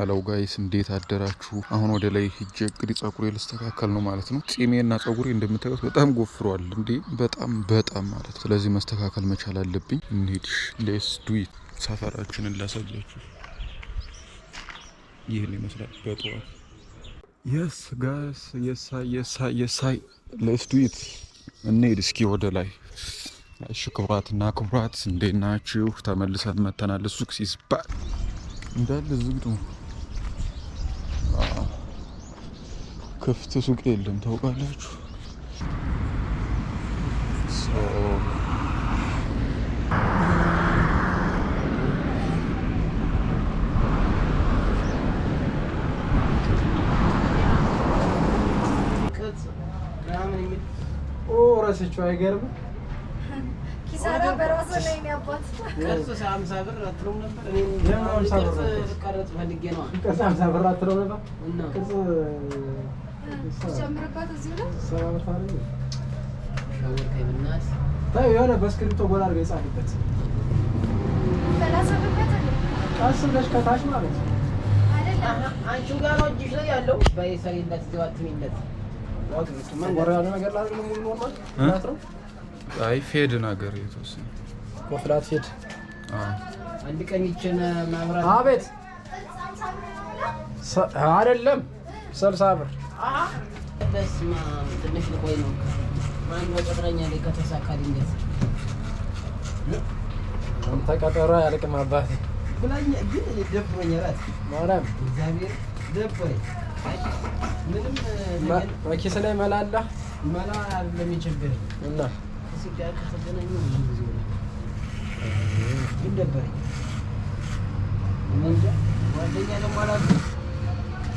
ሀለው ጋይስ እንዴት አደራችሁ? አሁን ወደ ላይ ሂጄ እቅድ ጸጉሬ ልስተካከል ነው ማለት ነው። ጺሜና ጸጉሬ እንደምታዩት በጣም ጎፍሯል እንዴ! በጣም በጣም ማለት ስለዚህ መስተካከል መቻል አለብኝ። እንሂድ፣ ሌስ ዱዊት። ሰፈራችንን ላሳያችሁ። ይህን ይመስላል በጠዋት የስ ጋይስ የሳይ የሳይ የሳይ ሌስ ዱዊት። እንሂድ እስኪ ወደ ላይ እሺ ክቡራትና ክቡራት እንዴት ናችሁ? ተመልሰን መተናል። ሱክሲስ ባል እንዳለ ዝግድ ነው። ክፍት ሱቅ የለም ታውቃላችሁ። ረስቼው አይገርምም። ኪሳራ በራሱ ላይ ነው ያባት። ቅርጽ ሀምሳ ብር አትለው ነበር? ቅርጽ ፈልጌ ሀምሳ ብር አትለው ነበር? ቅርጽ የሆነ በእስክሪብቶ ጎላ አድርገህ የጻፍበት ቀስ ብለሽ ከታች ማለት ጋር ላይ ያለው ነገር ላይ ነው ነው። አይ ፌድ ነገር የተወሰነ ወፍላት ፌድ አንድ ቀን ይችን ማምራት አቤት አይደለም ሰልሳ ብር በስመ አብ ትንሽ ልቆይ ነው። ማን በቁጥረኛ ላይ ከተሳካልኝ ተቀጠሮ አያልቅም አባቴ ብላኛ ግን ደብሮኛል። ማርያም እግዚአብሔር ደብሮኝ ምንም ኪስ ላይ መላ አለ መላ ለሚቸግረኝ እና ስጋ ከተገናኘ ብዙ ጊዜ ሆነ ግን ደበረኝ። ጓደኛ ደግሞ አላልኩም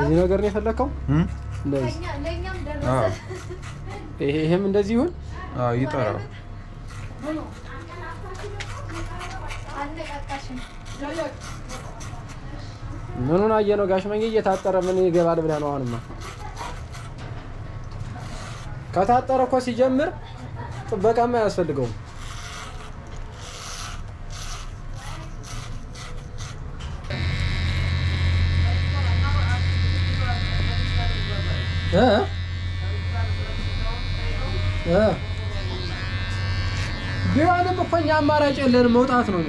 እዚህ ነገር ነው የፈለከው? ይሄም እንደዚህ ይሁን ይጠራል። ምኑን አየህ ነው? ጋሽ መኝ እየታጠረ ምን ይገባል ብለህ ነው? አሁንማ ከታጠረ እኮ ሲጀምር ጥበቃማ አያስፈልገውም። ቢሆንም እኮ እኛ አማራጭ የለን መውጣት ነው።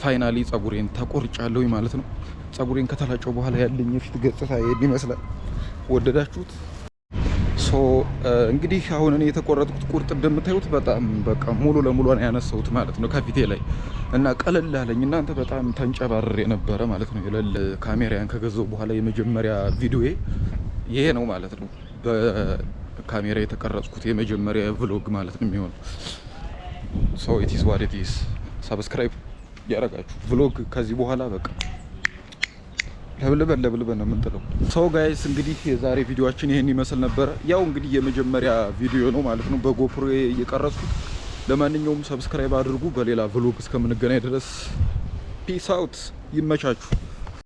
ፋይናሊ ጸጉሬን ተቆርጫለሁኝ ማለት ነው። ጸጉሬን ከተላጨው በኋላ ያለኝ የፊት ገጽታ ይሄን ይመስላል። ወደዳችሁት? ሶ እንግዲህ አሁን እኔ የተቆረጥኩት ቁርጥ እንደምታዩት በጣም በቃ ሙሉ ለሙሉ ነው ያነሳሁት ማለት ነው ከፊቴ ላይ እና ቀለል አለኝ። እናንተ በጣም ተንጨባርሬ ነበረ ማለት ነው። የለል ካሜራያን ከገዛው በኋላ የመጀመሪያ ቪዲዮዬ ይሄ ነው ማለት ነው። በካሜራ የተቀረጽኩት የመጀመሪያ ቭሎግ ማለት ነው የሚሆነው። ኢት ኢዝ ዋት ኢዝ። ሰብስክራይብ ያደረጋችሁ ቭሎግ ከዚህ በኋላ በቃ ለብልበን ለብልበን ነው የምንጥለው። ሰው ጋይስ እንግዲህ የዛሬ ቪዲዮችን ይሄን ይመስል ነበረ። ያው እንግዲህ የመጀመሪያ ቪዲዮ ነው ማለት ነው በጎፕሮ እየቀረጽኩት። ለማንኛውም ሰብስክራይብ አድርጉ። በሌላ ቭሎግ እስከምንገናኝ ድረስ ፒስ አውት። ይመቻችሁ።